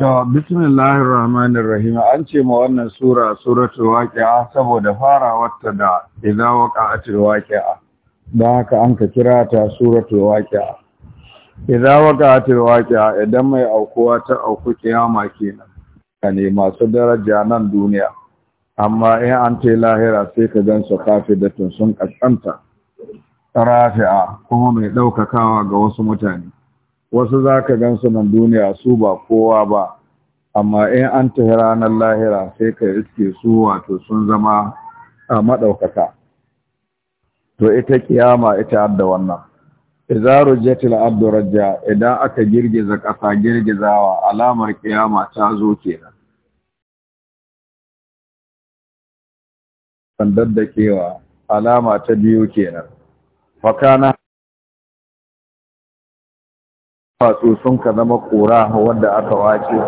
To, bismillahir rahmanir rahim an ce ma wannan sura suratul waqi'a saboda farawarta da idza waqa'atil waqi'a da haka an ka kira ta suratul waqi'a idza waqa'atil waqi'a idan mai aukuwa ta auku kiyama kenan ne masu daraja nan duniya amma in an ce lahira sai ka gan su tun sun kaskanta rafi'a kuma mai ɗaukakawa ga wasu mutane wasu za ka gan su nan duniya su ba kowa ba amma in an tafi ranar lahira sai ka iske su wato sun zama a maɗaukaka to ita kiyama ita adda wannan idza rujjatil abdu rajja idan aka girgiza ƙasa girgizawa alamar kiyama ta zo kenan sandar da kewa alama ta biyu kenan fakana fatsu sun ka zama ƙura wanda aka wace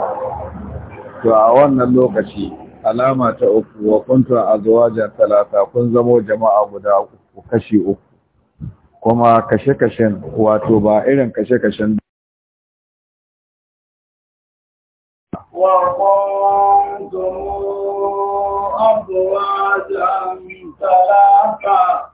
to a wannan lokaci alama ta uku wa kuntu azwajan talata kun zamo jama'a guda uku kashi uku kuma kashe-kashen wato ba irin kashe-kashen wa talata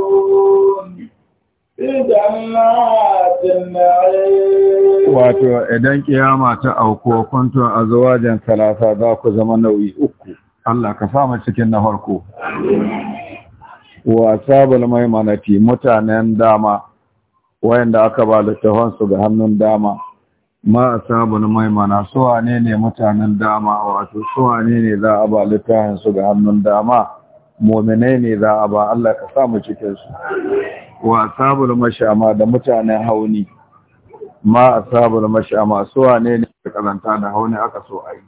Wato, idan kiyama ta auku kwanton a zuwajen talata za ku zama nauyi uku, Allah ka samu cikin na harko. Wasa bulmai manati mutanen dama, wayanda aka ba su ga hannun dama, ma a sabon maimana suwane ne mutanen dama wato suwane ne za a ba littafinsu ga hannun dama, mominai ne za a ba Allah ka samu cikinsu. wa asabul mashama da mutanen hauni ma asabul mashama su wane ne da karanta da hauni aka so a yi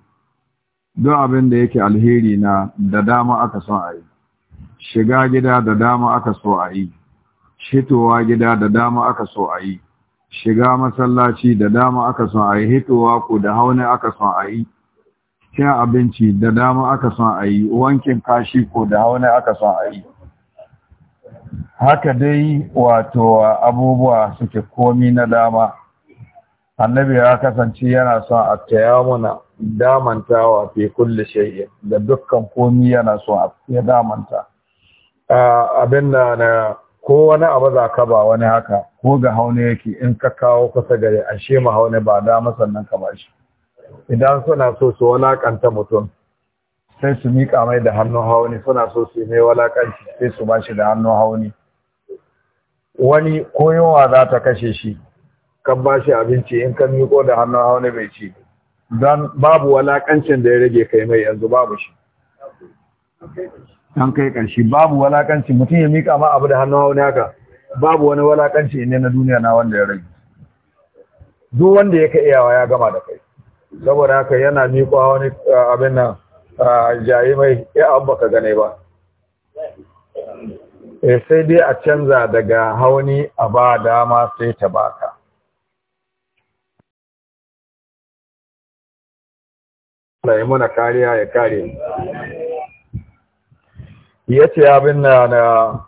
don abin da yake alheri na da dama aka so a yi shiga gida da dama aka so a yi shitowa gida da dama aka so a yi shiga masallaci da dama aka so a yi hitowa ko da hauni aka so a yi cin abinci da dama aka so a yi wankin kashi ko da hauni aka so a yi haka dai wato abubuwa suke komi na dama annabi ya kasance yana son a taya muna damantawa fi kulle shay'in da dukkan komi yana son ya damanta abin da na ko wani abu za ka ba wani haka ko ga haune yake in ka kawo kusa gare ashe ma haune ba dama sannan ka ba shi idan suna so su walakanta mutum sai su miƙa mai da hannun hauni suna so su mai walakanci sai su ba shi da hannun hauni wani ko yunwa za ta kashe shi kan ba shi abinci in kan miƙo da hannun hauni bai ci don babu walakancin da ya rage kai mai yanzu babu shi an kai ƙarshe babu walakanci mutum ya miƙa ma abu da hannun hauni haka babu wani walakanci ne na duniya na wanda ya rage duk wanda ya ka iyawa ya gama da kai saboda haka yana miƙo wani abin nan jaye mai ya abba ka gane ba eh, sai dai a canza daga hauni a ba dama sai ta baka Allah ya muna kariya ya kare ya ce abin na na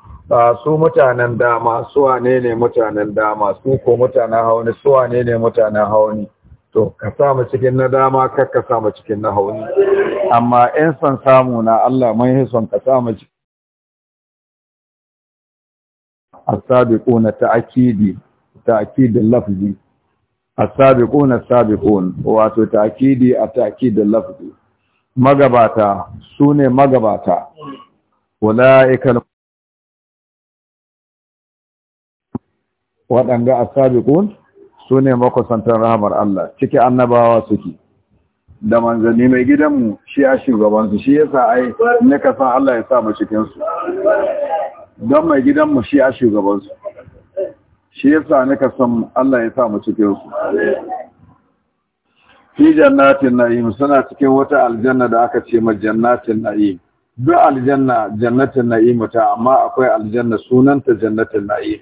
su mutanen dama su wane ne mutanen dama su ko mutanen hauni su wane ne mutanen hauni to ka samu cikin na dama kar ka samu cikin na hauni amma 'yan son samu na Allah mai son ka samu ci as-sabiquna ta'kidi ta'kidul lafzi sabi ƙuna sabi ƙun, wato ta'kidi a ta'kidul lafzi magabata sune magabata a waɗanga ƙun su sune makusantan rahamar Allah ciki annabawa suke da manzanni mai gidanmu shi a shugabansu shi ya sa ai na san Allah ya sa mu cikinsu. don mai gidanmu shi a shugabansu shi ya sa na san Allah ya sa mu cikinsu. fi jannatin na'im suna cikin wata aljanna da aka ce ma jannatin na'im duk aljanna jannatin na'im ta amma akwai aljanna sunanta jannatin na'im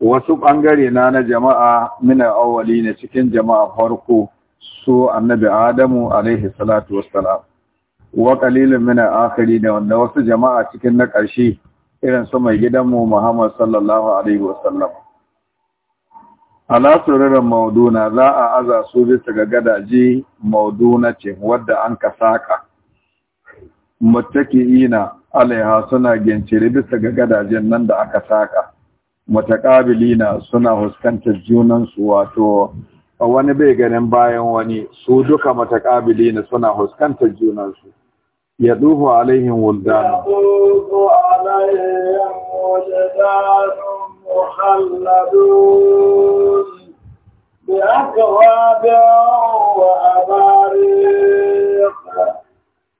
wasu ɓangare na na jama'a mina awali ne cikin jama'a farko su annabi adamu alaihi salatu wassalam wa kalilin mina akhiri da wanda wasu jama'a cikin na ƙarshe irin su mai gidanmu Muhammad sallallahu alaihi wasallam A surarar mauduna za a aza su bisa ga gadaje mauduna ce wadda an ka saka ina, alaiha suna gincire bisa ga gadajen nan da aka saka Mataƙabilina suna huskantar junansu su wato wani bai ganin bayan wani su duka mataƙabilina suna huskantar junan su duhu alaihim wuldan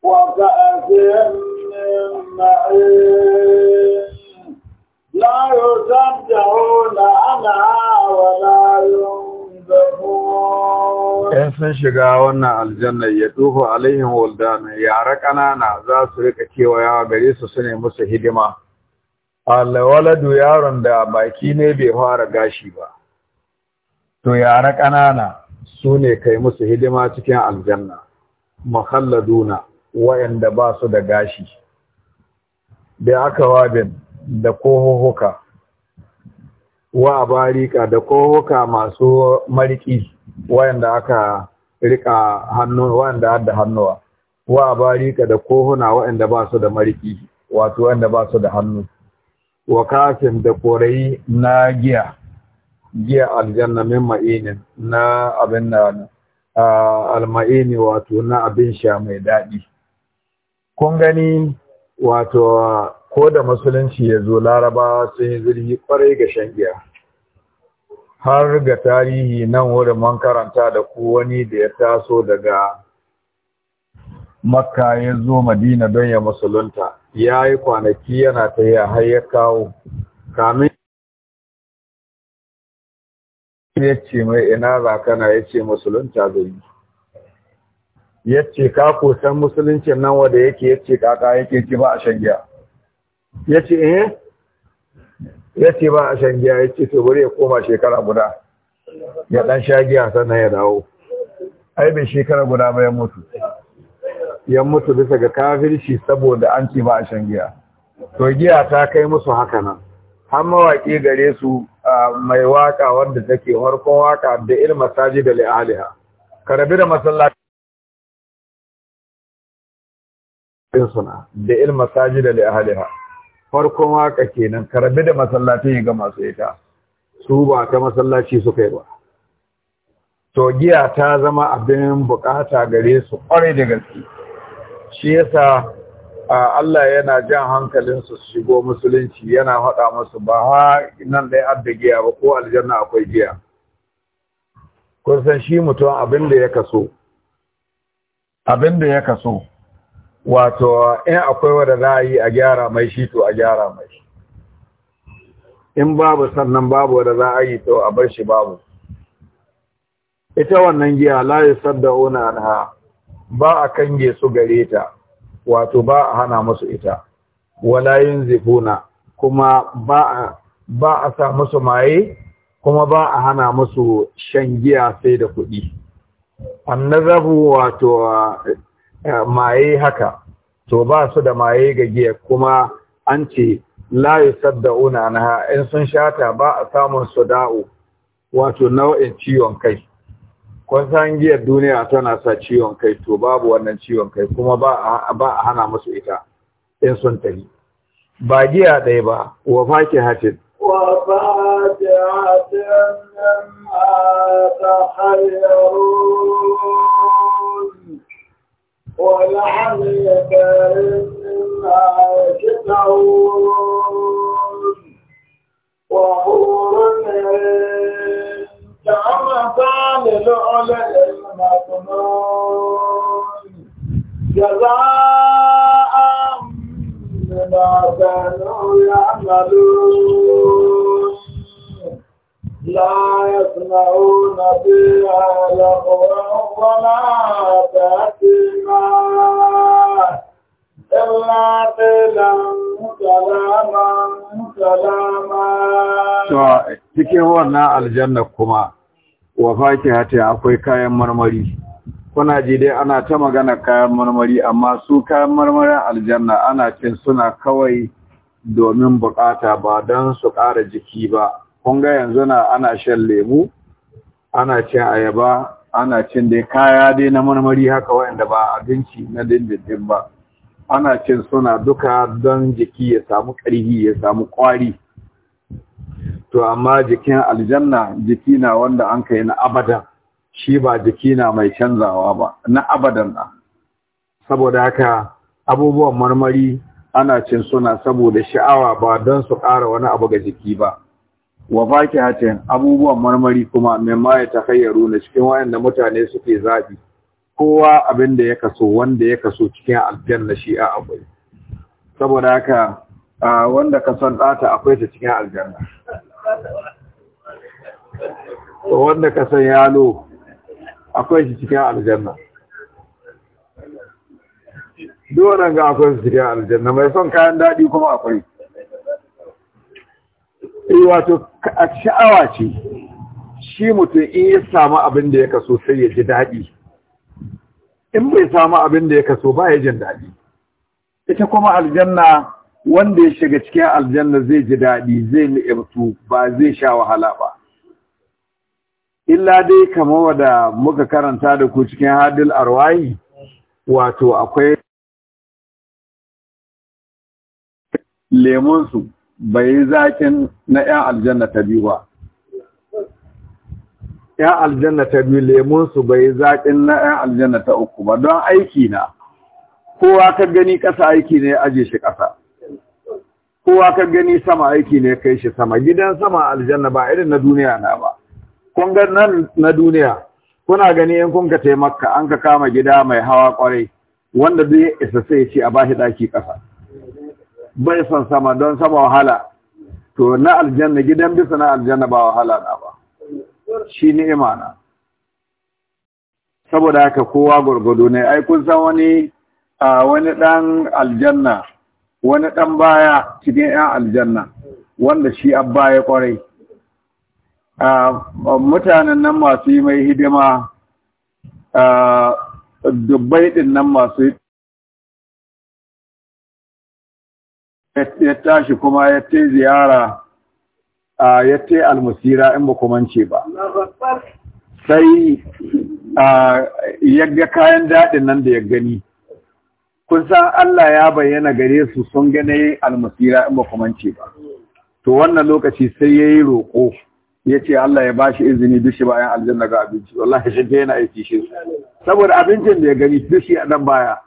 وكأس من معين لا يصدعون عنها ولا ينزفون إن سن شغا wannan aljanna ya duhu alaihim waldan yara kanana za su rika kewayawa gare su sune musu hidima alwaladu yaron da baki ne bai fara gashi ba to yara ƙanana su ne kai musu hidima cikin aljanna muhalladuna wa'anda ba su da gashi aka akawabin da kohohuka wa barika da kohohuka masu mariki wayanda aka rika hannu wayanda da hannuwa wa barika da kohuna wayanda ba su da mariki wato wayanda ba su da hannu wa kafin da korai na giya giya aljanna min ma'inin na abin na alma'ini wato na abin sha mai daɗi kun gani wato ko da musulunci ya zo Laraba, sun yi zirgi kwarai ga shan giya har ga tarihi nan wurin man karanta da ku wani da ya taso daga makka ya zo madina don ya musulunta ya yi kwanaki yana ta yi a ya kawo kamin ya ce mai ina za kana ya ce musulunta zai yi ya ce ka kusan musulunci nan wanda yake ya ce kaka yake ki ba a shan giya ya ce eh ya ce ba a shan giya ya ce to bari ya koma shekara guda ya dan sha giya sannan ya dawo ai bai shekara guda ba ya mutu ya mutu bisa ga kafirci saboda an ce ba a shan giya to giya ta kai musu haka nan har mawaƙi gare su mai waka wanda take harkon waka da irin masaji da li'aliha karabi da masallaci suna da irin masaji da li'aliha farkon waka kenan karbi da masallaci ga masu ita su ba ta masallaci suka yi ba to giya ta zama abin bukata gare su kwarai da gaske shi yasa Allah yana jan hankalin su shigo musulunci yana haɗa musu ba ha nan dai adda giya ba ko aljanna akwai giya kun san shi mutum abin da ya kaso abin da ya kaso wato in akwai wadda za a yi a gyara mai shi to a gyara mai in babu sannan babu wadda za a yi to a bar shi babu ita wannan giya layi saddauna anha ba a kange su gare ta wato ba a hana musu ita wala yin zifuna kuma ba a sa musu maye kuma ba a hana musu shan giya sai da kuɗi annazabu wato Eh, maye haka to ba su da maye ga giya kuma an ce la na anha in sun shata ba a samun su suda'u wato nau'in ciwon kai kun san giyar duniya tana sa ciwon kai to babu wannan ciwon kai kuma ba ba hana musu ita in sun tafi ba giya ɗaya ba wa faki hatin وفاكهة مما تخيرون ولعلك مما تدعون وحور كمثال لؤلؤ المكنون جزاء بما كانوا يعملون لا يسمعون فيها لغوا ولا تأثيما إلا قيلا cikin wannan aljanna kuma wa fakihata akwai kayan marmari kuna ji dai ana ta magana kayan marmari amma su kayan marmarin aljanna ana cin suna kawai domin bukata ba don su ƙara jiki ba kun ga yanzu na ana shan lemu ana cin ayaba ana cin dai kaya dai na marmari haka wanda ba abinci na dindindin ba ana cin suna duka don jiki ya samu ƙarfi ya samu ƙwari to amma jikin aljanna jiki na wanda an kai na abadan shi ba jiki na mai canzawa ba na abadan na saboda haka abubuwan marmari ana cin suna saboda sha'awa ba don su ƙara wani abu ga jiki ba wa hatin abubuwan marmari kuma mimma ya takayyaru na cikin wayan da mutane suke zaɓi? kowa abin da ya kaso wanda ya kaso cikin aljanna shi a akwai saboda haka wanda ka son ɗata akwai ta cikin aljanna wanda ka son yalo akwai shi cikin aljanna duk wannan ga akwai su cikin aljanna mai son kayan daɗi kuma akwai Eh, wato sha'awa ce shi mutum in ya samu abin da ya kaso sai ya ji daɗi in bai samu abin da ya kaso ba ya jin daɗi ita kuma aljanna wanda ya shiga cikin aljanna zai ji daɗi zai ni'imtu ba zai sha wahala ba illa dai kamar wada muka karanta da ku cikin hadil arwayi wato akwai lemonsu bai yi zakin na ‘yan aljanna ta biyu ba. ‘yan aljanna ta biyu lemunsu bai yi zakin na ‘yan aljanna ta uku ba don aiki na, kowa ka gani ƙasa aiki ne aje shi ƙasa, kowa ka gani sama aiki ne kai shi sama, gidan sama aljanna ba irin na duniya na ba. Kun ga nan na duniya, kuna gani in kun ka taimaka an ka kama gida mai hawa kwarai. wanda zai isa sai ce a bashi ɗaki ƙasa. bai son sama don sama wahala to na aljanna gidan bisa na aljanna ba wahala na ba shi ni imana. saboda haka kowa gwargwado ne ai kun san wani a wani dan aljanna wani dan baya cikin yan aljanna wanda shi abba baya kwarai a mutanen nan masu yi mai hidima a dubbai din nan masu ya tashi kuma ya ta ziyara a ya ta almusira in ba ba sai ya ga kayan daɗin nan da ya gani kun san Allah ya bayyana gare su sun gane almasira in ba ba to wannan lokaci sai ya yi roƙo ya ce Allah ya bashi izini dushi bayan aljanna ga abinci wallahi shi yana aiki shi saboda abincin da ya gani dushi a nan baya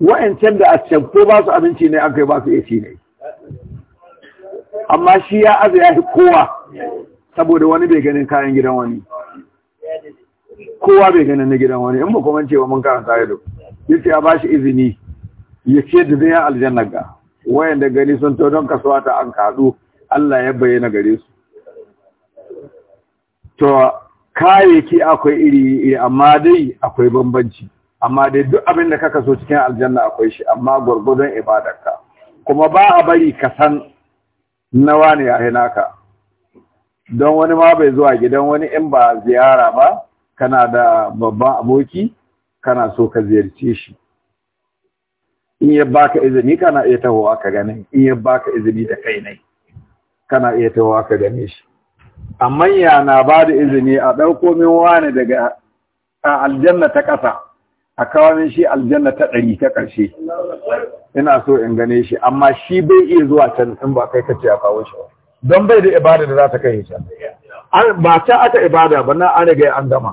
wa'ancan da a can ko ba su abinci ne an kai ba su iya ne amma shi ya aza ya fi kowa saboda wani bai ganin kayan gidan wani kowa bai ganin na gidan wani in ba kuma cewa mun karanta da yace ya shi izini ya ce da zai aljanna ga wayanda gani sun tonon kasuwa ta an kaɗu Allah ya bayyana gare su to kayayyaki akwai iri iri amma dai akwai bambanci amma dai duk abin da kaka so cikin aljanna akwai shi amma gwargwadon ibadarka kuma ba a bari ka san nawa ne a naka don wani ma bai zuwa gidan wani in ba ziyara ba kana da babban aboki kana so ka ziyarce shi in ya baka izini kana iya tahowa ka gane in ya baka izini da kai ne kana iya tahowa ka gane shi amma ya na ba da izini a ɗauko min wani daga aljanna ta ƙasa a kawo min shi aljanna ta ɗari ta ƙarshe ina so in gane shi amma shi bai iya zuwa can in ba kai kace a kawo shi don bai da ibada da za ta kai can ba ta aka ibada ba na an riga an gama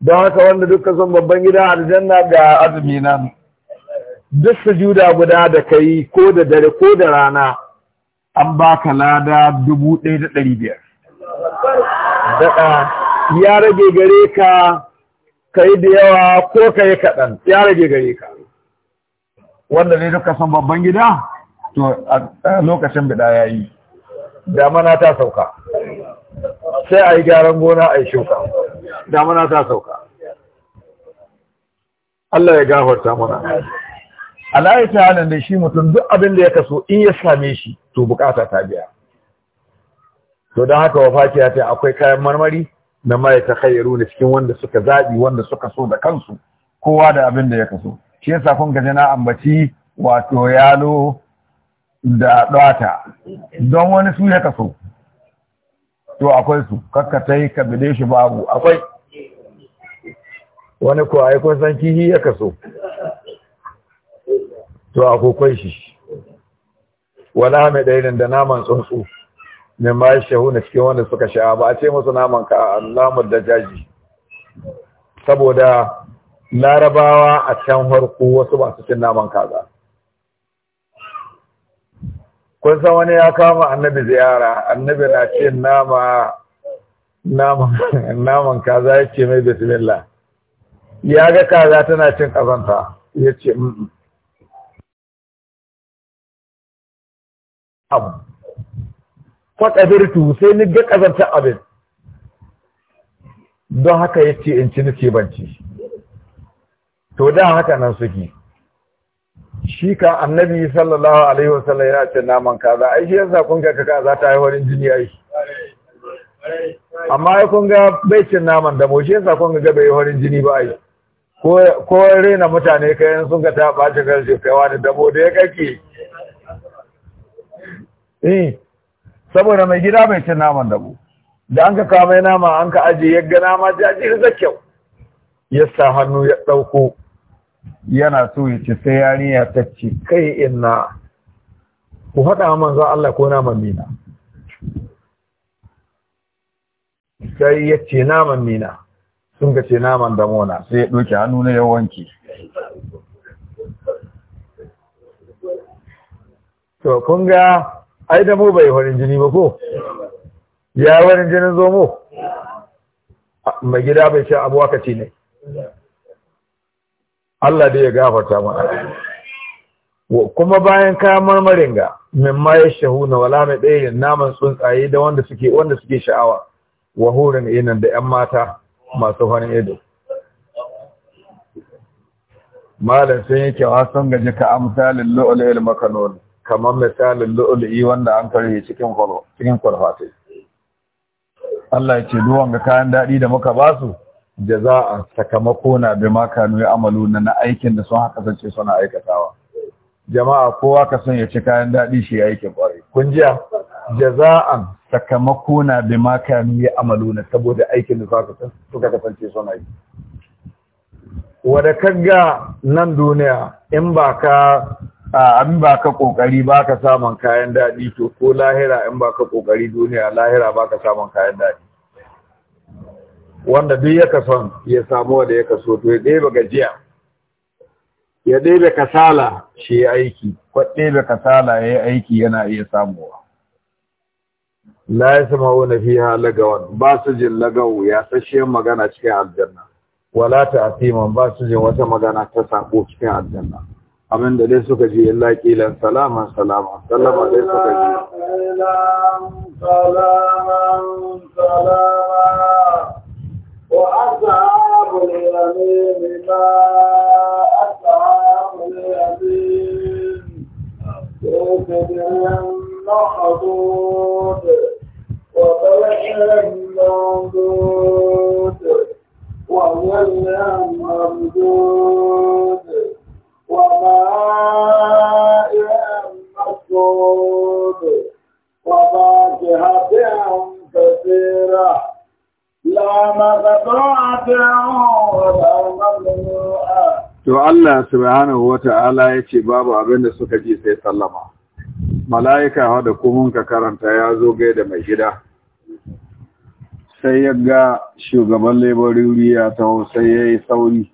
don haka wanda duka son babban gidan aljanna ga azumi nan duk sujuda guda da kai ko da dare ko da rana an ba ka lada dubu ɗaya da ɗari biyar daɗa ya rage gare ka ka yi da yawa ko ka yi kaɗan ya rage gare ka wanda ne duka san babban gida to a lokacin bida ya yi damana ta sauka sai a yi gyaran gona a yi shuka damana ta sauka Allah ya gafarta mana alayi ta halin da shi mutum duk abin da ya kaso in ya same shi to bukata ta biya to don haka wafaciya ta akwai kayan marmari na ma khayyaru ne cikin wanda suka zaɓi wanda suka so da kansu kowa da abin da ya kaso shi yasa kun ga na ambaci wato yalo da ɗata don wani su ya kaso to akwai su kakkatai ka bide shi babu akwai wani ko ya kun san kihi ya kaso to akwai shi wala mai dairin da naman tsuntsu ne ma shahu na cikin wanda suka sha ba a ce musu naman ka alamar da jaji saboda larabawa a can harku wasu ba su cin naman kaza kun san wani ya kama annabi ziyara annabi na ce nama naman kaza ya ce mai bismillah ya ga kaza tana cin kazanta ya ce faƙadirtu sai ni ga ƙazantar abin don haka ya ce in ci ni ban banci to da haka nan suke shi ka annabi sallallahu alaihi wasallam yana ce naman kaza ai shi yasa kun ga kaka za ta haihuwar jini ai amma ya kun ga bai cin naman da shi yasa kun ga bai haihuwar jini ba ai ko rena mutane kayan sun ga ta ɓaci karshe kaiwa da dabo da ya kake eh. saboda mai gida mai cin naman dabu da an ka kama nama an ka aje ya ga nama jajiri da kyau ya sa hannu ya ɗauko yana so ya ci sai yarinya ta ce kai inna ku haɗa za Allah ko naman mina sai ya ce naman mina sun ka ce naman mona sai ya ɗauki hannu na ya wanke to kun ga ai da mu bai farin jini ba ko ya farin jinin zomo mai gida bai ce abu wakati ne Allah dai ya gafarta mana kuma bayan kayan marmarin ga mimma ya shahu na wala mai ɗaya naman tsuntsaye da wanda suke wanda suke sha'awa wa hurin inan da 'yan mata masu farin ido malam sai yake wasan gaji ka amsalin lo'olil makanon kamar misalin lu'ulu'i wanda an karye cikin cikin kwarfate Allah ya ce duwan ga kayan daɗi da muka ba su jaza'a sakamako na bi ma kanu ya amalu na aikin da sun haka sace suna aikatawa jama'a kowa ka son ya ci kayan daɗi shi ya yake ƙwarai. Kun jiya, jaza'an sakamako na bi makami ya amalu na saboda aikin da suka kasance suna yi. Wadda kagga nan duniya in ba ka in ba ka kokari ba ka samun kayan daɗi to ko lahira in ba ka kokari duniya lahira ba ka samun kayan daɗi wanda duk ya son ya samu wanda ya kaso to ya ɗebe gajiya ya ɗebe kasala shi ya aiki ko ɗebe kasala ya aiki yana iya samuwa la ya sama wani ba su jin lagawu ya sashiyar magana cikin aljanna wala ta asiman ba su jin wata magana ta sako cikin aljanna abin da dai suka ji illa kilan salaman salaman sallama dai suka ji salaman salama wa ashabul Allah subhanahu wa ta'ala ya ce babu abin da suka ji sai sallama. Mala'ika da kuma ka karanta ya zo gai da mai gida. Sai ya shugaban laborori ya taho sai ya yi sauri,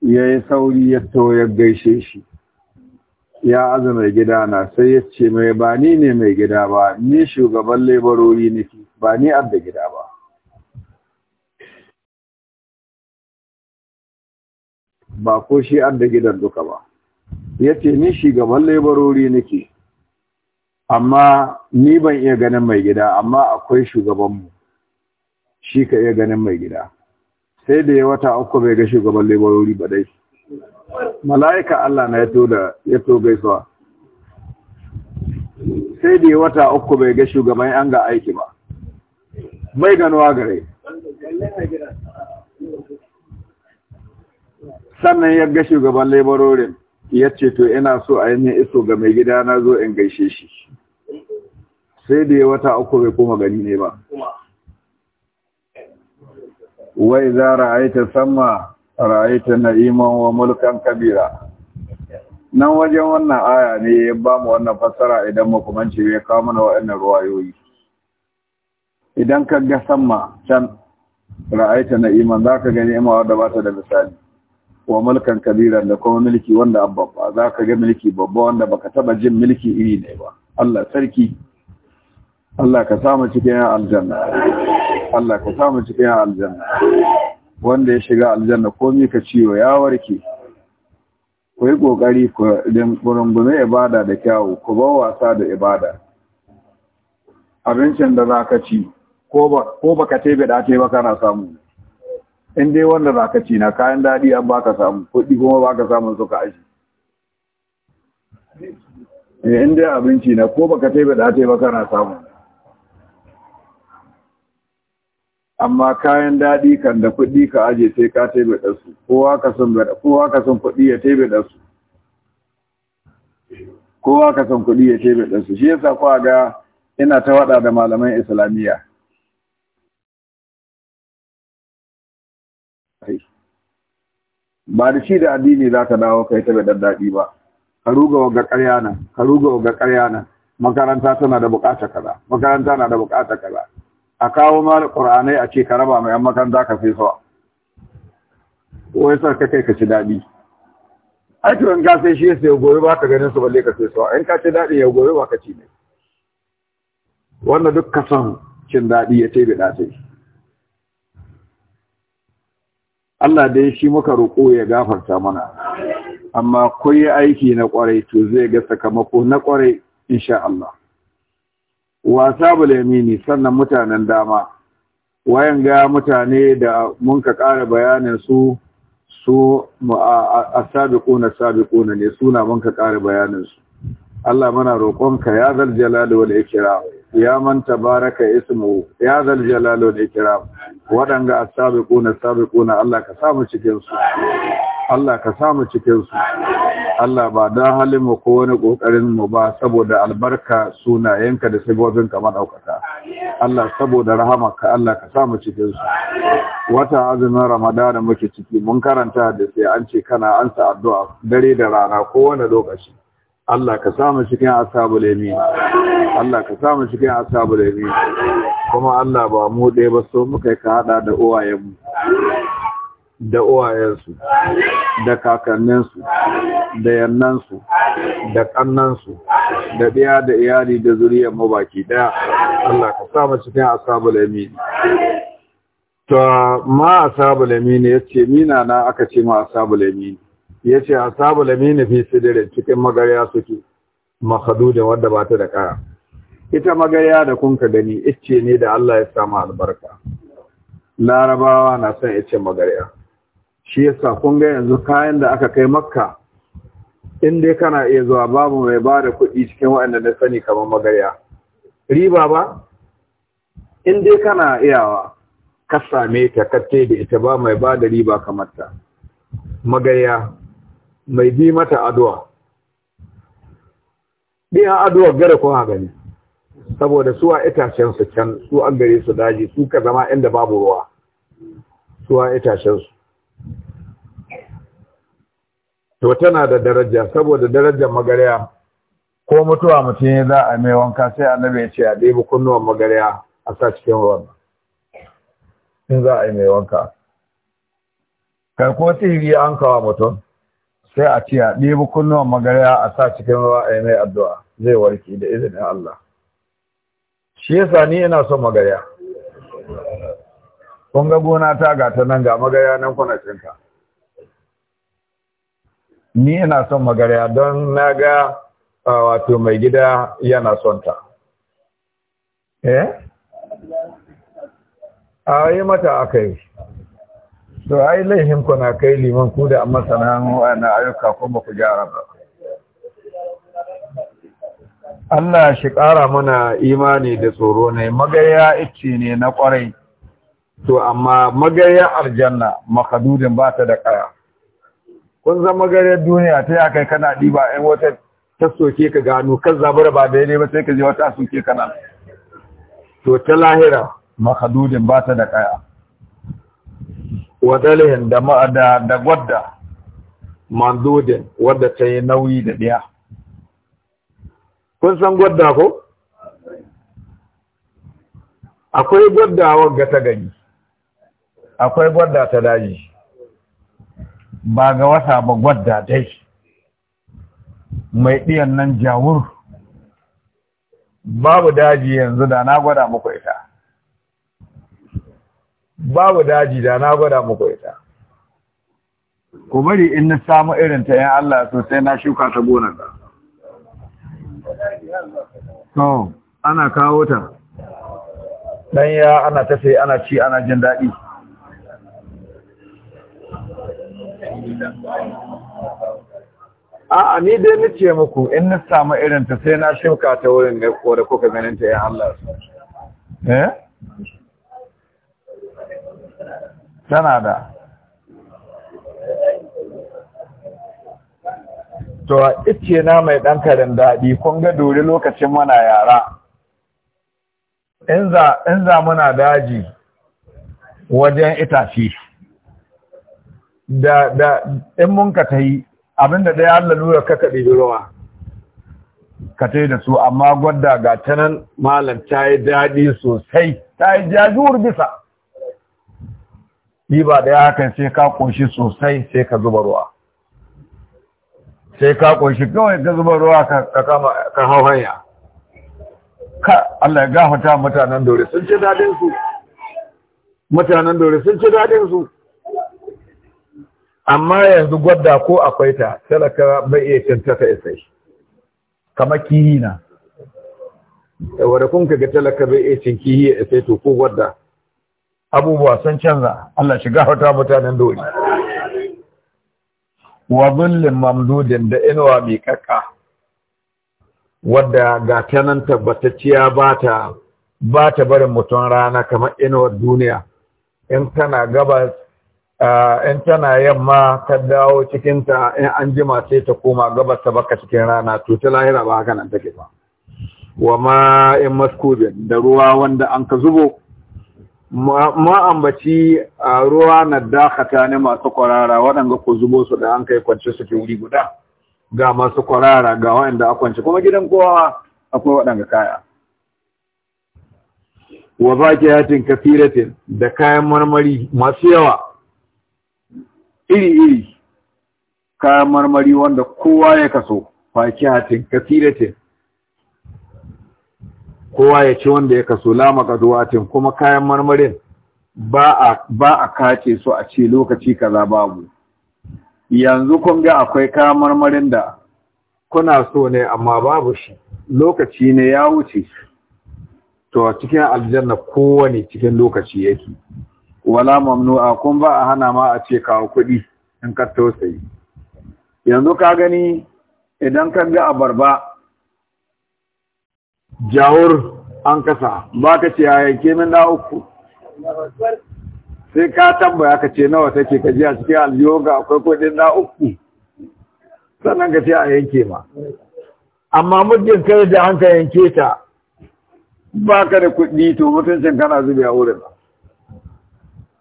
ya yi sauri ya to ya gaishe shi. Ya aza gida na sai ya ce mai ba ni ne mai gida ba, ni shugaban lebarori niki, ba ni abda gida ba. ba ko shi an da gidan duka ba ya ce ni shugaban laibarori nake amma ni ban iya ganin mai gida amma akwai shugabanmu shi ka iya ganin mai gida sai da ya wata uku bai ga shugaban laibarori ba dai mala'ika Allah na yato da yato gaisuwa sai da ya wata uku bai ga shugaban an ga aiki ba bai ganuwa gare sannan ya ga shugaban laborin ya ce to ina so a yi iso ga mai gida na zo in gaishe shi sai da ya wata uku bai koma gani ne ba wai za ra'aita sama ra'aita na'iman wa mulkan kabira nan wajen wannan aya ne ya ba mu wannan fassara idan makamanci ya kawo mana waɗannan ruwayoyi idan ka ga sama can ra'aita na'iman za ka gani imawar da ba ta da misali wa mulkan kabiran da kuma mulki wanda babba za ka ga mulki babba wanda baka taba jin mulki iri ne ba Allah sarki Allah ka samu cikin aljanna Allah ka samu cikin aljanna wanda ya shiga aljanna komai ka ciwo ya warke ku yi kokari ku rungume ibada da kyawu ku ba wasa da ibada abincin da za ka ci ko baka tebe da ta yi ba kana samu in dai wanda za ka ce na kayan daɗi an ba ka samu kuɗi kuma ba ka samun suka aji eh, in dai abinci na ko baka taiba da taiba kana samu amma kayan daɗi kan da kuɗi ka aje sai ka taiba da su kowa ka san kuɗi ya taiba da su kowa ka san kuɗi ya taiba da su shi yasa kwa ga ina ta waɗa da malaman islamiyya kai ba da shi da addini za ka dawo kai ta da daɗi ba ka ruga wa ga ƙarya nan ka ruga wa ga ƙarya nan makaranta tana da buƙatar kaza makaranta na da buƙatar kaza a kawo ma da ƙur'anai a ce ka raba mai yan makaranta ka fi sawa wai sa ka kai ka ci daɗi ai to in ka sai shi sai gobe ba ka ganin su balle ka sai sawa in ka ci daɗi ya gobe ba ka ci ne Wannan duk ka cin daɗi ya ce bi dace Allah dai shi muka roƙo ya gafarta mana amma koyi aiki na ƙwarai to zai ga sakamako na kwarai insha Allah wasa bulamini sannan mutanen dama wayan ga mutane da mun ka ƙara bayanin su su asabiquna sabiquna ne suna mun ka ƙara bayanin su Allah muna roƙonka ya zal jalali wal ikram ya من تبارك ismu ya ذا الجلال والاكرام ودان السابقون السابقون الله as Allah ka cikin su Allah ka samu cikin su Allah ba dan halin mu ko wani kokarin mu ba saboda albarka sunayenka da sabobin ka madaukaka Allah saboda rahamarka Allah ka samu cikin su wata azumin Ramadana muke ciki mun karanta da sai an ce kana ansa addu'a dare da rana wani lokaci Allah ka samu cikin asabul yamin Allah ka samu cikin asabul yamin kuma Allah ba mu dai ba so muka ka hada da uwayenmu da uwayensu da kakanninsu da yannansu da kannansu da biya da iyali da zuriyar mu baki daya Allah ka samu cikin asabul yamin to ma ashabul yamin yace mina na aka ce ma asabul yamin Ya ce a sabu lamini fi sidirin cikin magarya suke da wadda ba ta da kara ita magarya da kunka gani icce ne da Allah ya samu albarka larabawa na son ice magarya shi yasa kun ga yanzu kayan da aka kai makka in dai kana iya zuwa babu mai ba da kuɗi cikin waɗanda na sani kamar magarya riba ba in dai kana iyawa ka same ta katte da ita ba mai ba da riba kamar ta magarya mai bi mata addu'a Biya addu'a gare kuma gani saboda suwa itacen su can su an gare su daji su ka zama inda babu ruwa suwa itacen su to tana da daraja saboda darajar magariya ko mutuwa mutum ya za a mai wanka sai annabi ya ce a ɗebi kunnuwan magariya a sa cikin ruwan in za a yi mai wanka karko sihiri an kawo mutum sai a ce a ɗebi kunnuwan magarya a sa cikin ruwa a yanayi addu'a zai warke da izinin Allah shi yasa ni ina son magarya kun ga gona ta gata nan ga magarya nan kuna cinka ni ina son magarya don na ga wato mai gida yana son ta eh a yi mata aka yi to ai laihin ku na kai liman ku da masana na ayyuka kuma ku gyara ba Allah shi ƙara mana imani da tsoro ne magaya ice ne na ƙwarai to amma magaya aljanna makadudin ba ta da ƙaya kun zama magaryar duniya ta ya kai kana ɗiba ɗan wata ta soke ka gano kan zabura ba daidai ba sai ka je wata soke kana to ta lahira makadudin ba ta da ƙaya wadalihin da ma'ada da gwadda mandudin wadda ta yi nauyi da ɗaya. Kun san gwadda ko? Akwai gwadda wagga ta gani, akwai gwadda ta daji, ba ga wata ba gwadda dai, mai ɗiyan nan jawur. Babu daji yanzu da na gwada muku ita. babu daji da na gwada muku ita ku bari in na samu irin ta yan Allah sosai na shuka ta gonar to ana kawo ta ya ana tafe ana ci ana jin daɗi A'a ni dai na ce muku in na samu irin ta sai na shuka ta wurin da kuka ganin ta yan Allah. Eh? tana da to ice na mai ɗan karin daɗi kun ga dori lokacin muna yara in za muna daji wajen itace da da in mun ka ta yi abinda ɗaya Allah nura ka kaɗe ruwa ka ta yi da su amma gwada ga tanan malam ta yi daɗi sosai ta yi jajur bisa ɗiba da ya hakan sai ka ƙunshi sosai sai ka zuba ruwa sai ka ƙunshi kawai ka zuba ruwa ka kama ka hau hanya ka Allah ya gafata mutanen dore sun ci dadin su mutanen dore sun ci dadin su amma yanzu gwadda ko akwai ta talaka bai iya cinta ta isai kamar kihi na wadda kun ga talaka bai iya cin kihi ya isai to ko gwadda abubuwa sun canza Allah shiga gafarta mutanen dori wa zullin mamdudin da inuwa mai kaka wadda ga tanan tabbatacciya ba ta ba ta barin mutum rana kamar inuwar duniya in tana gabas in tana yamma ta dawo cikinta in an jima sai ta koma gabas ta baka cikin rana to ta lahira ba haka nan take ba wa ma in da ruwa wanda an ka zubo ma'ambaci a ruwa na dakata ne masu kwarara waɗanda ku zubo su da an kai su suke wuri guda ga masu kwarara ga waɗanda a kwance kuma gidan kowa akwai waɗanda kaya wa yatin kafiratin da kayan marmari masu yawa iri-iri kayan marmari wanda kowa ya kaso yatin kafiratin kowa ya ci wanda ya kaso lama gaduwatin kuma kayan marmarin ba a kace su a ce lokaci kaza babu yanzu kun ga akwai kayan marmarin da kuna so ne amma babu shi lokaci ne ya wuce to a cikin aljanna kowane cikin lokaci yake wala mamnu'a kun ba a hana ma a ce kawo kuɗi in ka tausayi yanzu ka gani idan kan ga abarba jawur an kasa ba ka ce a yanke min na uku sai ka tambaya ka ce nawa take ka ji a cikin alyoga akwai kudin na uku sannan ka ce a yanke ma amma muddin kai da an ka yanke ta ba ka da kuɗi to mutuncin kana zube a wurin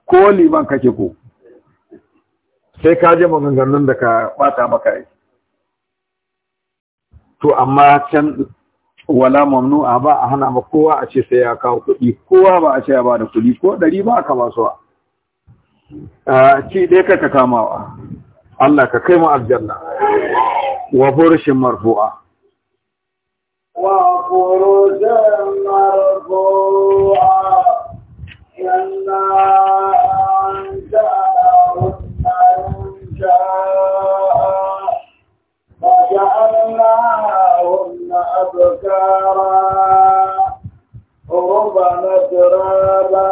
ko liman kake ko sai ka je maganganun da ka bata maka yi to amma can wala mamnu'a ba a hana ba kowa a ce sai ya kawo kuɗi kowa ba a ce ya ba da kuɗi ko ɗari ba a kama suwa a ci ɗaya ka kamawa Allah ka kai mu aljanna wa furushin marfu'a wa furushin marfu'a أبكارا ربنا ترابا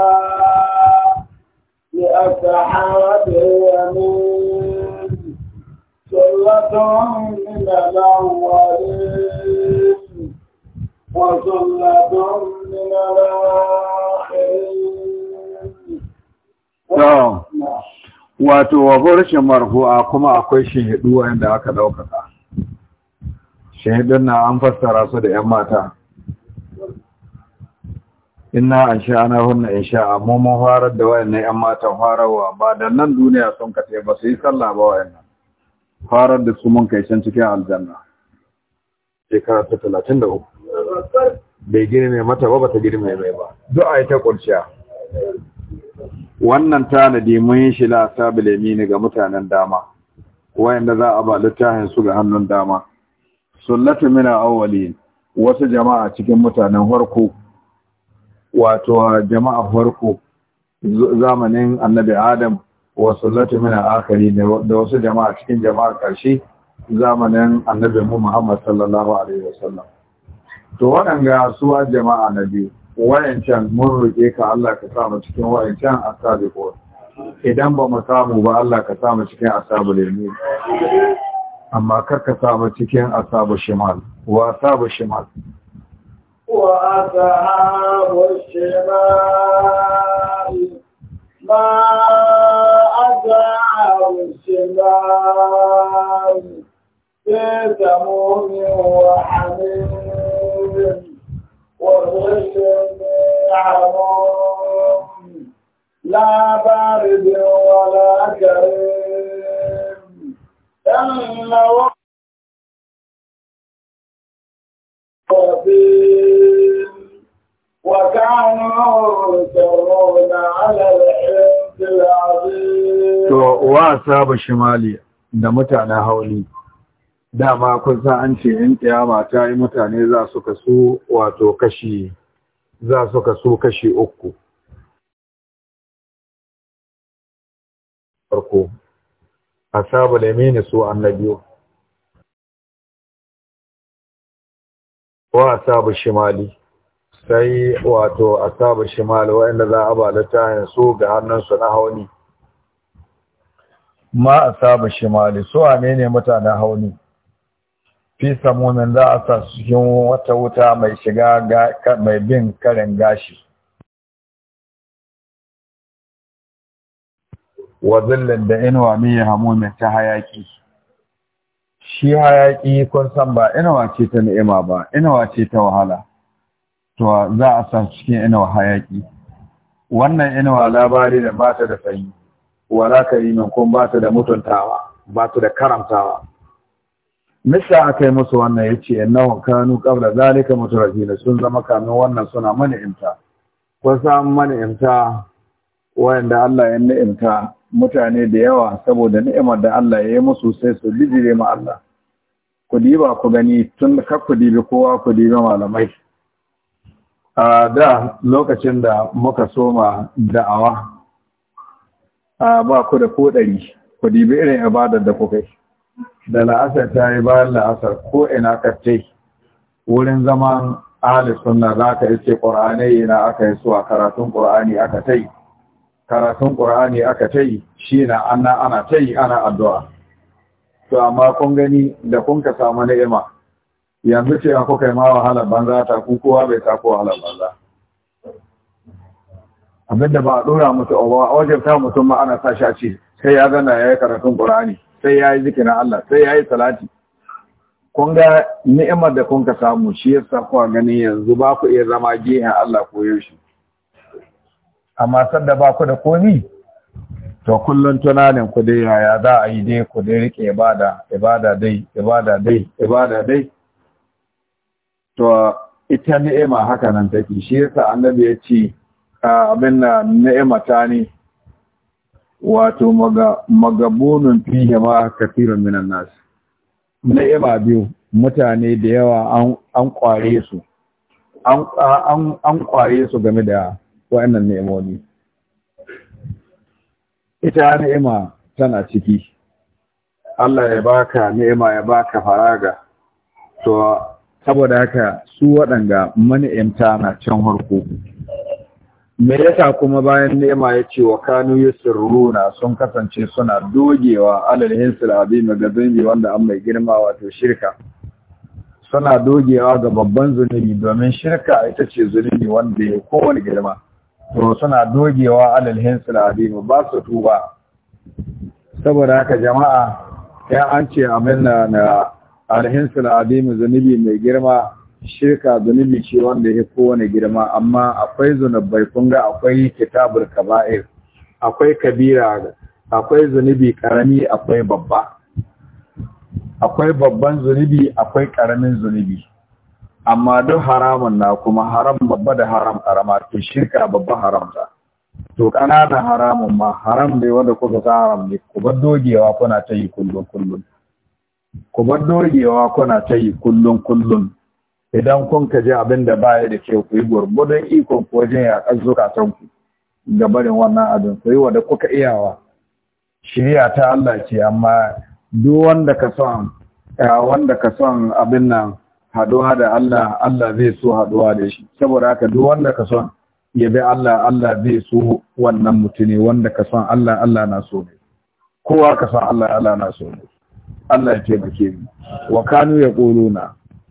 لأسحاب اليمين سلة من الأولين وسلة من الآخرين wato wa furshin marfu'a kuma akwai shin yadu wanda aka ɗaukaka shahidan na an fassara su da 'yan mata inna an ana hunna in sha mun farar da wayannan 'yan matan farawa ba da nan duniya sun kace ba su yi sallah ba wayannan farar da su mun kai can cikin aljanna shekara ta talatin da uku bai girme mata ba bata girme mai ba du'a ita kurciya wannan tanadi mun yi shi la sabil ga mutanen dama wayanda za a ba littafin su ga hannun dama sullatu min al-awwalin wasu jama'a cikin mutanen farko wato jama'a farko zamanin annabi adam wa sullatu min al-akhirin da wasu jama'a cikin jama'a karshe zamanin annabi mu Muhammad sallallahu alaihi wasallam to waɗanga su jama'a na biyu wayancan mun roƙe ka Allah ka samu cikin wayancan asabi ko idan ba mu samu ba Allah ka samu cikin asabi ne amma karka samu cikin asabu shimal wa asabu shimal wa asabu shimal wa saba shimali da mutanen hauli dama kun san an ce in kiyama ta yi mutane za su kasu wato kashi za su kaso kashi uku farko da lamini su annabiyo wa saba shimali sai wato a saba shimali inda za a ba littafin su ga hannunsu na hauni ma a saba shimali su wanene ne mutanen hauni fi samunan za a sa cikin wata wuta mai shiga mai bin karin gashi wa zillin da inuwa miya ta hayaki shi hayaki kun san ba inuwa ce ta ni'ima ba inuwa ce ta wahala to za a sa cikin inuwa hayaki wannan inuwa labari da ba ta da sanyi wala karimin kun ba ta da mutuntawa ba ta da karamtawa Mista aka yi musu wannan ya ce innahum kanu kabla zalika mutarafina sun zama kamin wannan suna mani imta ko san mani imta wayanda Allah ya ni'imta mutane da yawa saboda ni'imar da Allah ya yi musu sai su bijire ma Allah ku diba ku gani tun ka ku dibi kowa ku dibi malamai a da lokacin da muka soma da'awa a ba ku da ko ɗari ku dibi irin ibadar da kuka yi da la'asar ta yi bayan la'asar ko ina ka ce wurin zaman ahli sunna za ka iske ƙur'ani yana aka yi suwa karatun ƙur'ani aka ta yi karatun ƙur'ani aka ta yi shi na ana ana ta yi ana addu'a to amma kun gani da kun ka samu ni'ima yanzu ce kuka yi ma wahalar banza ta ku kowa bai ta ko wahalar banza abinda ba a ɗora mutu ba a wajen ta mutum ma ana sa shi ce sai ya zana ya yi karatun ƙorani sai ya yi zikirin Allah sai ya yi salati kun ga ni'imar da kun samu shi yasa kuwa ganin yanzu ba ku iya zama gehen Allah ko yaushe amma sanda ba ku da komi to kullum tunanin ku dai yaya za a yi dai ku dai rike ibada ibada dai ibada dai ibada dai to ita ni'ima haka nan take shi yasa annabi ya ce abin na ni'imata ne wato magabunin fiye ma kafirun minan nasu ni'ima biyu mutane da yawa an kware su an kware su game da wa'annan ni'imomi ita ni'ima tana ciki Allah ya baka ni'ima ya baka faraga to saboda haka su waɗanga mani'imta na can harko me yasa kuma bayan nema ya ce wa kanu yusirruna sun kasance suna dogewa alal hinsul abin ga wanda an mai girma wato shirka suna dogewa ga babban zunubi domin shirka ita ce zunubi wanda ya kowane girma to suna dogewa alal hinsul abin ba su tuba saboda haka jama'a ya an ce amin na alhinsul abin zunubi mai girma shirka zunubi ce wanda ya kowane girma amma akwai zunubai kun ga akwai kitabul kaba'ir akwai kabira akwai zunubi karami akwai babba akwai babban zunubi akwai karamin zunubi amma duk haramun na kuma haram babba da haram karama ke shirka babba haram ta to da haramun ma haram ne wanda kuka sa haram ne ku bar dogewa kuna ta yi kullum kullum ku bar dogewa kuna ta yi kullum kullum idan kun ka ji abin da baya da ke ku yi gwargwadon ikon ku ya yaƙar zukatanku ga barin wannan abin ku yi wanda kuka iyawa shirya ta Allah ce amma duk wanda ka son wanda ka son abin nan haduwa da Allah Allah zai so haduwa da shi saboda haka duk wanda ka son ya bi Allah Allah zai so wannan mutune wanda ka son Allah Allah na so ne kowa ka son Allah Allah na so ne Allah ya taimake mu wa kanu na.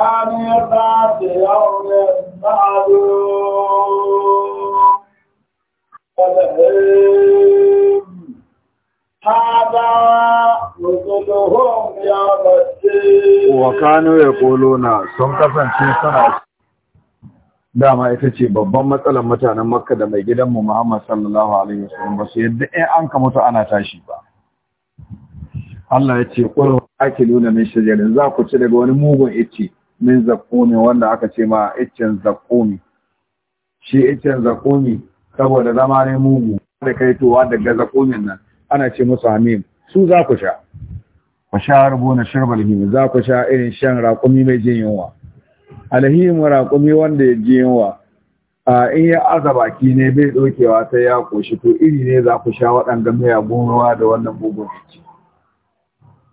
إلى ya يوم na sun kasance suna dama ita ce babban matsalar mutanen makka da mai gidanmu muhammad sallallahu alaihi wasallam ba su yadda in an ka mutu ana tashi ba Allah ya ce ƙwarar ake nuna min shajarin za ku ci daga wani mugun ice min zakkumi wanda aka ce ma iccen zakumi shi iccen zakkumi saboda zama ne mugu da kai towa daga zakkumin nan ana ce musu hamim su za ku sha ku sha rubu na shirbar himi za ku sha irin shan raƙumi mai jin yunwa alhimu raƙumi wanda ya ji yunwa a in ya aza baki ne bai ɗaukewa sai ya ƙoshi to iri ne za ku sha waɗanda mai ruwa da wannan bugun ci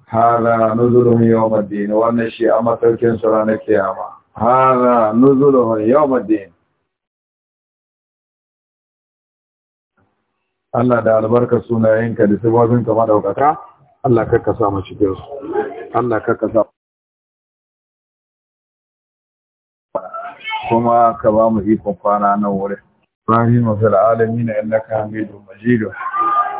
hada nuzulun yawmad din wannan shi a mataukin su ranar kiyama hada nuzulun yawmad din Allah da albarka sunayenka da sababinka madaukaka Allah kakka sa mu cikin su Allah kakka sa kuma ka ba mu ikon kwana nan wurin Ibrahim fil alamin innaka hamidum majid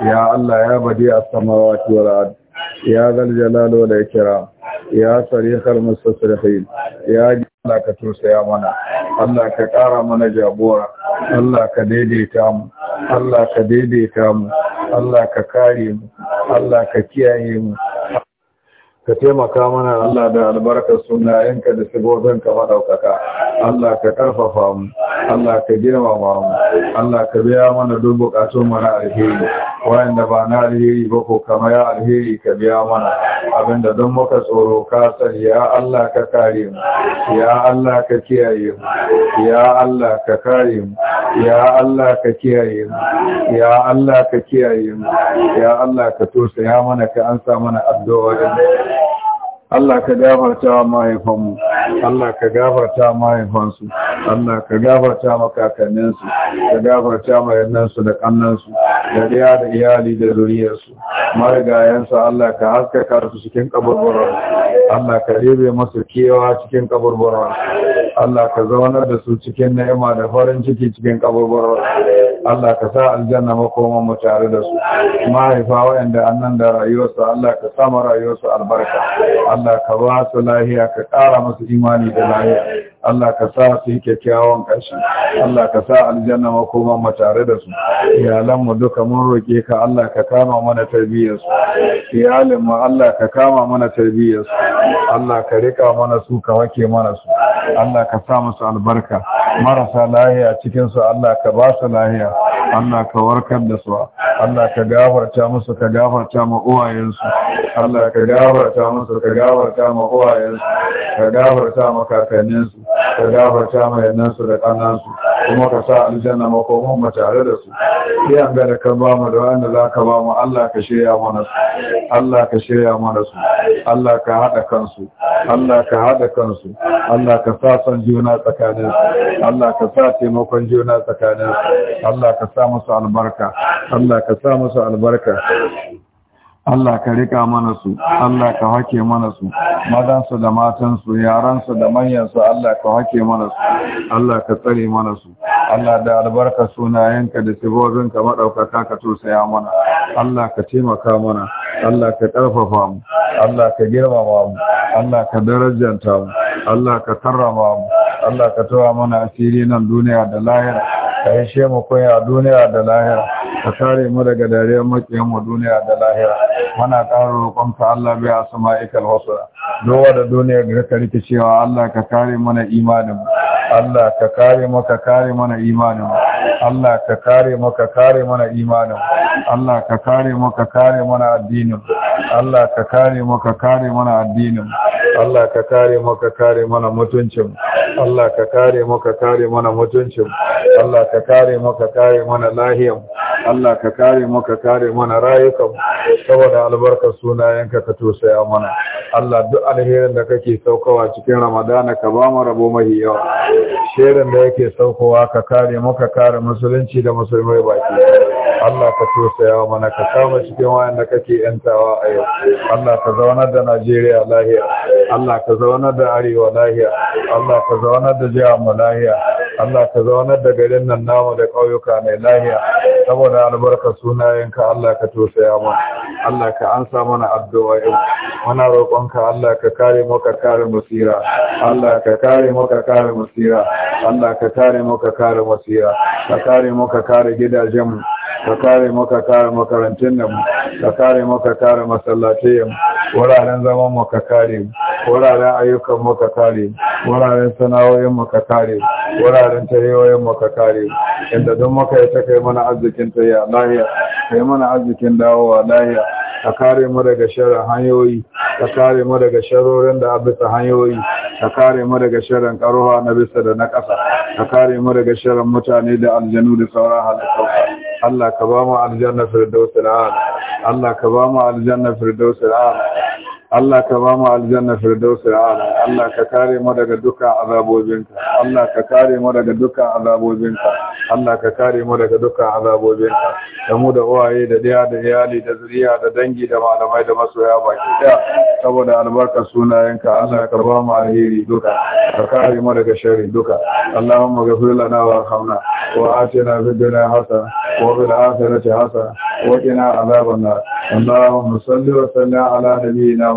ya Allah ya badi as-samawati wal ardi ya ذا الجلال والإكرام يا Ya المستصرخين يا Allah ka tausaya mana Allah ka ƙara mana jagora Allah ka daidaita mu Allah ka daidaita mu Allah ka kare mu Allah ka kiyaye mu ka taimaka mana Allah da albarkar sunayenka da sigoginka maɗaukaka Allah ka ƙarfafa mu Allah ka girmama mu Allah ka biya mana duk buƙatun na alheri wayanda ba na alheri ba ko kama ya alheri ka biya mana abinda don muka tsoro ka sani ya Allah ka kare mu ya Allah ka kiyaye mu ya Allah ka kare mu ya Allah ka kiyaye mu ya Allah ka kiyaye mu ya Allah ka tosa ya mana ka ansa mana addu'a Allah ka gafarta wa mahaifanmu Allah ka gafarta mahaifansu Allah ka gafarta kakanninsu ka gafarta yannansu da kannansu da riya da iyali da zuriyarsu marigayensu Allah ka haskaka su cikin kaburburan Allah ka rebe masu kewa cikin kaburburan Allah ka zaunar da su cikin ni'ima da farin ciki cikin kaburburan Allah ka sa aljanna makoman mu tare da su mahaifa wa'anda annan da rayuwarsu Allah ka sa rayuwarsu albarka Allah ka ba su lahiya ka ƙara musu imani da lahiya Allah ka sa su yi kyakkyawan ƙarshe Allah ka sa aljanna makoman mu tare da su Iyalanmu duka mun roƙe ka Allah ka kama mana tarbiyyarsu. su Allah ka kama mana tarbiyyarsu. Allah ka rika mana su ka wake mana su Allah ka sa musu albarka marasa lahiya cikin su Allah ka ba su lahiya Allah ka warkar da su Allah ka gafarta musu ka gafarta ma uwayensu Allah ka gafarta musu ka gafarta gafarta ma uwayensu ka gafarta ma kakanninsu ka gafarta ma yannansu da ƙannansu kuma ka sa aljanna makoman mu tare da su iyan ga da ka ba mu da wanda za ka ba mu Allah ka shirya mana su Allah ka shirya mana su Allah ka haɗa kansu Allah ka haɗa kansu Allah ka sa son juna tsakaninsu Allah ka sa taimakon juna tsakaninsu Allah ka sa musu albarka Allah ka sa musu albarka Allah ka rika mana su Allah ka hake mana su Mazansu da matansu, yaransu da manyansu, Allah ka hake mana su Allah ka tsare mana su Allah da albarka sunayenka da sibobin ka ka tosaya mana Allah ka taimaka mana Allah ka ƙarfafa mu Allah ka girmama mu Allah ka darajanta mu Allah ka karrama mu Allah ka tawa mana asiri nan duniya da lahira ka yi mu kwaya duniya da lahira ka kare mu daga dariyar makiyan mu duniya da lahira muna ƙara ta Allah bai asma'ikal husna dowa da duniyar da ka cewa Allah ka kare mana imanin Allah ka kare maka kare mana imanin Allah ka kare maka kare mana imanin Allah ka kare maka kare mana addinin Allah ka kare maka kare mana addinin Allah ka kare mu ka kare mana mutuncin Allah ka kare mu ka kare mana mutuncin Allah ka kare mu ka kare mana lahiyam. Allah ka kare mu ka kare mana rayukan saboda albarkar sunayenka ka tosaya mana Allah duk alherin da kake saukawa cikin Ramadana ka ba mu rabo mahi yawa sherin da yake saukowa ka kare mu ka kare musulunci da musulmai baki Allah ka tosaya mana ka kama cikin wayanda kake yantawa a yau Allah ka zaunar da Najeriya lahiya Allah ka zaunar da Arewa lahiya Allah ka zaunar da jihar mu lahiya Allah ka zaunar da garin nan namu da ƙauyuka mai lahiya saboda albarka sunayenka Allah ka tosaya mana Allah ka ansa mana addu'a muna roƙonka Allah ka kare mu ka kare musira Allah ka kare mu ka kare musira Allah ka kare mu ka kare musira ka kare mu ka kare gidajen ka kare mu ka kare makarantun nan mu ka kare mu ka kare masallatayen mu wuraren zaman mu ka kare wuraren ayyukan mu ka kare wuraren sana'o'in mu ka kare wuraren tarewoyin mu ka kare inda don maka ya ta kai mana arzikin tayya lahiya kai mana arzikin dawowa lahiya ka kare mu daga sharar hanyoyi ka kare mu daga sharorin da abisa hanyoyi ka kare mu daga sharar karuwa na bisa da na ƙasa ka kare mu daga sharar mutane da aljanu da sauran halittu Allah ka ba mu aljanna firdausul a'la Allah ka ba mu aljanna firdausul a'la Allah ka ba mu aljanna firdausul ala Allah ka kare mu daga dukkan azabobinka Allah ka kare mu daga dukkan azabobinka Allah ka kare mu daga dukkan azabobinka da mu da uwaye da daya da iyali da zuriya da dangi da malamai da masoya baki daya saboda albarkar sunayenka Allah ka ba mu alheri duka ka kare mu daga sharri duka Allahumma ghfir lana warhamna wa atina fid dunya hasana wa fil akhirati hasana wa qina adhaban nar Allahumma salli wa sallim